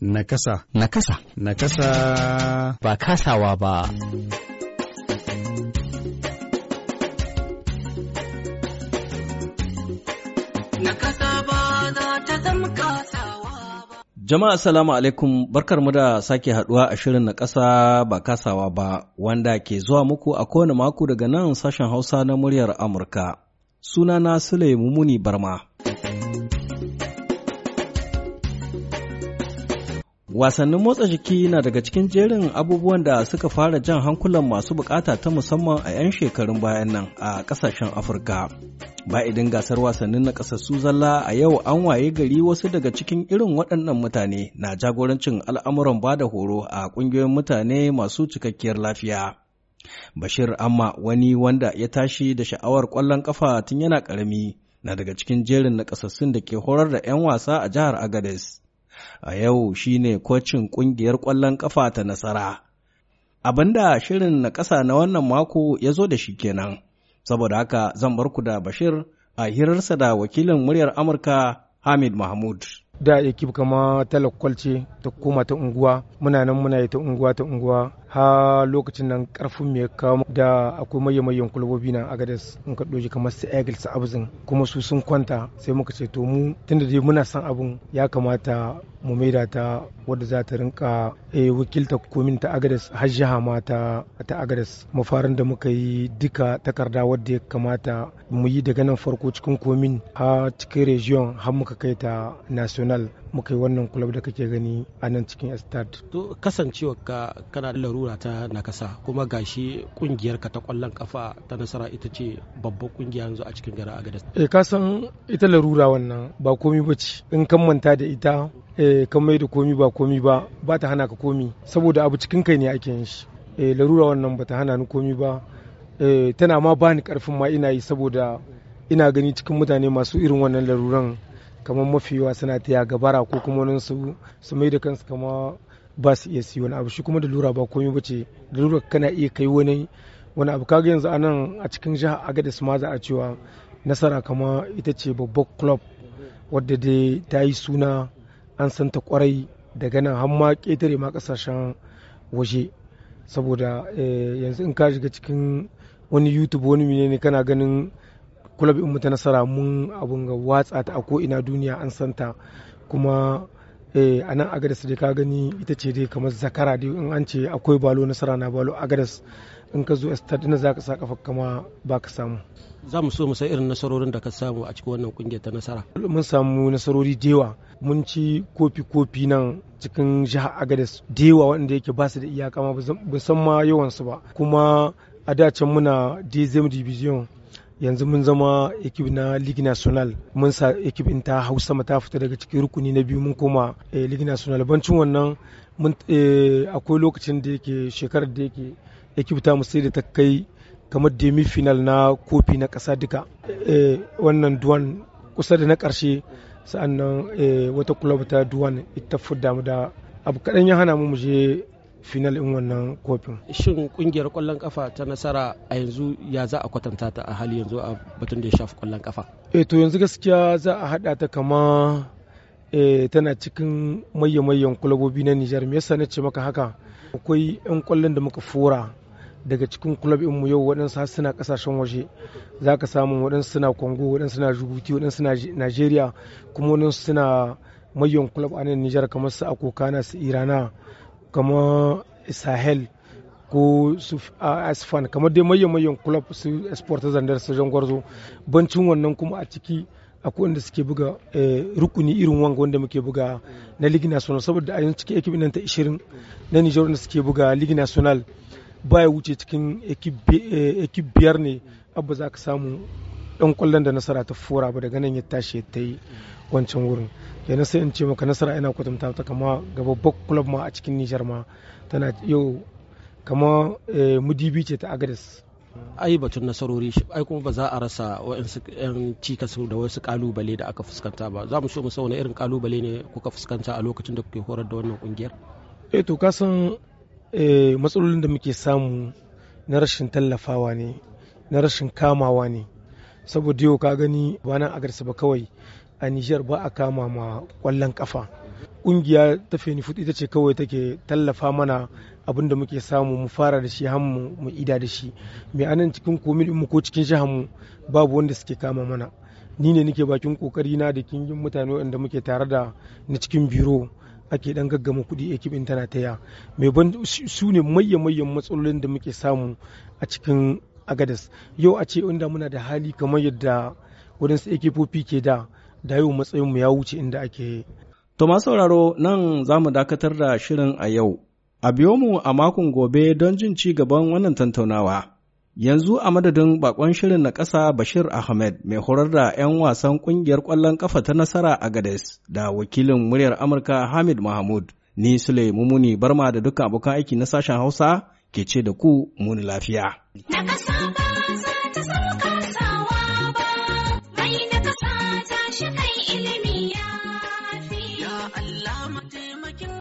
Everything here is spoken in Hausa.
Nakasa. Nakasa. Nakasa. Ba kasawa ba. kasa ba za ta zama kasawa ba. Jama'a salamu alaikum barkar mu da sake haduwa a shirin na ƙasa ba kasawa ba wanda ke zuwa muku a kowane mako daga nan sashen Hausa na muryar Amurka. Sunana Sule Mumuni Barma. Wasannin motsa jiki na daga cikin jerin abubuwan da suka fara jan hankulan masu bukata ta musamman a 'yan shekarun bayan nan a kasashen Afirka. Ba idan gasar wasannin na kasassu zalla a yau an waye gari wasu daga cikin irin waɗannan mutane na jagorancin al'amuran bada horo a ƙungiyoyin mutane masu cikakkiyar lafiya. Bashir Amma wani wanda ya tashi da sha'awar ƙwallon ƙafa tun yana ƙarami na daga cikin jerin na da ke horar da 'yan wasa a jihar Agadez. a yau shi ne kocin ƙungiyar ƙwallon ƙafa ta nasara. Abinda shirin na ƙasa na wannan mako ya zo da shi kenan, saboda haka zan bar ku da Bashir a hirarsa da wakilin muryar Amurka Hamid Mahmud. Da ekip kama talakwalce ce ta koma ta unguwa, muna nan muna yi ta unguwa ta unguwa ha lokacin nan karfin mai kawo da akwai maye-mayen kulbobi na agades in ka doji kamar su egil su abzin kuma su sun kwanta sai muka ce to mu tunda dai muna son abun. ya kamata mu maida ta wadda za ta rinka eh, wakilta komin ta agades har jiha ma ta agades mafarin da muka yi duka takarda wadda ya kamata mu yi daga nan farko cikin komin ha cikin region har muka kai ta national muka yi wannan kulab da kake gani a nan cikin estate to kasancewa ka kana larura ta nakasa kuma gashi kungiyar ka ta kwallon kafa ta nasara ita ce babban kungiya yanzu a cikin garin agadas eh ka san ita larura wannan ba komi ce in kan manta da ita eh kan mai da komi ba komi ba ba ta hana ka komi saboda abu cikin kai ne ake yin shi eh larura wannan ba ta hana ni komi ba eh tana ma bani karfin ma ina yi saboda ina gani cikin mutane masu irin wannan laruran kamar mafi yawa suna ta ya gabara ko kuma wani su su mai da kansu kama ba su iya siyo wani abu shi kuma da lura ba komai bace da lura kana iya kai wani wani abu kaga yanzu anan a cikin jihar agadis ma za a cewa nasara kama ita ce babbar club wadda dai ta yi suna an san ta kwarai daga nan har ma ketare ma kasashen waje saboda eh, yanzu in ka shiga cikin wani youtube wani menene kana ganin kulab mu ta nasara mun abun ga watsa ta a ko ina duniya an santa kuma eh, a nan agadas da ka gani ita ce dai kamar zakara dai in an ce akwai balo nasara na balo agadas in ka zo estad na za ka sa kafa kama ba ka samu za mu so mu san irin nasarorin da ka samu a cikin wannan kungiyar ta nasara mun samu nasarori dewa mun ci kofi kofi nan cikin jihar agadas dewa wanda yake ba su da iyaka ma ba san ma yawan su ba kuma a da muna dezem division yanzu mun zama ekip na Ligue National mun sa ekip in ta hausa ta fita daga cikin rukuni na biyu mun koma eh, Ligue National bancin wannan mun eh, akwai lokacin da yake shekarar da yake ekip ta sai da ta kai kamar demi final na kofi na kasa duka eh, wannan duwan kusa da na karshe sa'annan wata club ta duwan ita fudda mu da abu kadan ya hana mu mu je final in wannan kofin shin kungiyar kwallon kafa ta nasara a yanzu ya za a kwatanta ta a hali yanzu a batun da ya shafi kwallon kafa eh to yanzu gaskiya za a haɗa ta kama eh, tana cikin mayyan kulabobi na Nijar me yasa ce maka haka akwai yan kwallon da muka fura daga cikin kulab mu yau waɗansu suna ƙasashen waje za ka samu waɗansu suna Kongo waɗansu suna jibuti waɗansu suna nigeria kuma waɗansu suna mayan kulab a nan nijar kamar su akokana su irana kamar sahel ko su asfan kamar dai mayan-mayan club su sporta zandar su gwarzo bancin wannan kuma a ciki akwai wanda suke buga eh, rukuni irin wanga wanda muke buga na ligi national saboda a yanzu cikin ekip nan ta 20 na nijar wanda suke buga ligi national baya wuce cikin ekip eh, biyar ne abu za ka samu yan kwallon da nasara ta fura ba daga nan ya tashi ya ta yi wancan wurin ya nasa in ce maka nasara yana kwatanta ta kama ga babban club ma a cikin nijar ma tana yau kama eh, mudibi ce ta agadis ai batun nasarori ai kuma ba za a rasa wa yan cikas da wasu kalubale da aka fuskanta ba za mu so mu sauna irin kalubale ne kuka fuskanta a lokacin da kuke horar da wannan kungiyar eh to ka san eh, matsalolin da muke samu na rashin tallafawa ne na rashin kamawa ne saboda yau ka gani ba nan garsa ba kawai a Nijar ba a kama ma kwallon kafa kungiya ta fenifut ita ce kawai take tallafa mana abin da muke samu mu fara da shi hannu mu ida da shi mai anan cikin komin mu ko cikin shahanmu babu wanda suke kama mana ni ne nake bakin kokari na da kingin mutane wanda muke tare da na cikin biro ake dan gaggama kuɗi ekibin tana taya mai ban su ne mayyan matsalolin da muke samu a cikin agadas yau a ce inda muna da hali kamar yadda waɗansu ekipofi ke da da yau matsayinmu ya wuce inda ake to masu sauraro nan za mu dakatar da shirin a yau a biyo mu a makon gobe don jin ci gaban wannan tantaunawa yanzu a madadin bakon shirin na ƙasa bashir ahmed mai horar da 'yan wasan ƙungiyar kwallon ƙafa ta nasara a gadas da wakilin muryar amurka hamid mahmud ni sule mumuni barma da dukkan abokan aiki na sashen hausa ke ce da ku muni lafiya.